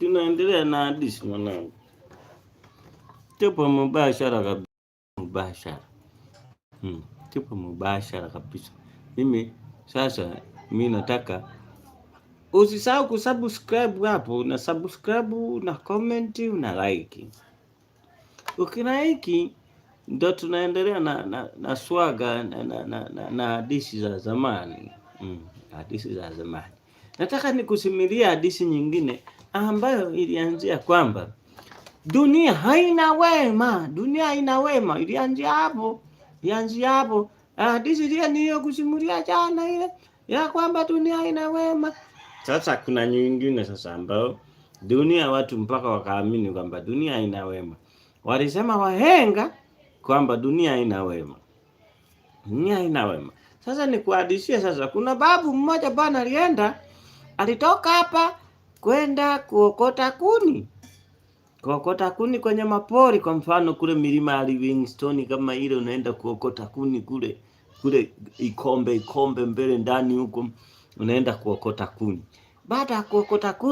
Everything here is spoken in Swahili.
tunaendelea na hadithi mwanangu, tupo mubashara kabisa, mubashara hmm. tupo mubashara kabisa. Mimi sasa, mi nataka usisahau kusubscribe hapo, una subscribe una comment una like. Ukilike ndo tunaendelea na, na, na swaga na, na, na, na hadithi za zamani hmm. za zamani. Nataka nikusimulia hadithi nyingine ambayo ilianzia kwamba dunia haina wema, dunia haina wema. Ilianzia hapo, ilianzia hapo ah, hadithi ile niliyokusimulia jana, ile ya kwamba dunia haina wema. Sasa kuna nyingine sasa ambayo dunia watu mpaka wakaamini kwamba dunia haina wema. Walisema wahenga kwamba dunia haina wema, dunia haina wema. Sasa nikuhadishie sasa, kuna babu mmoja bwana alienda, alitoka hapa kwenda kuokota kuni, kuokota kuni kwenye mapori, kwa mfano kule milima ya Livingstone kama ile, unaenda kuokota kuni kule kule Ikombe, Ikombe mbele ndani huko, unaenda kuokota kuni. Baada ya kuokota kuni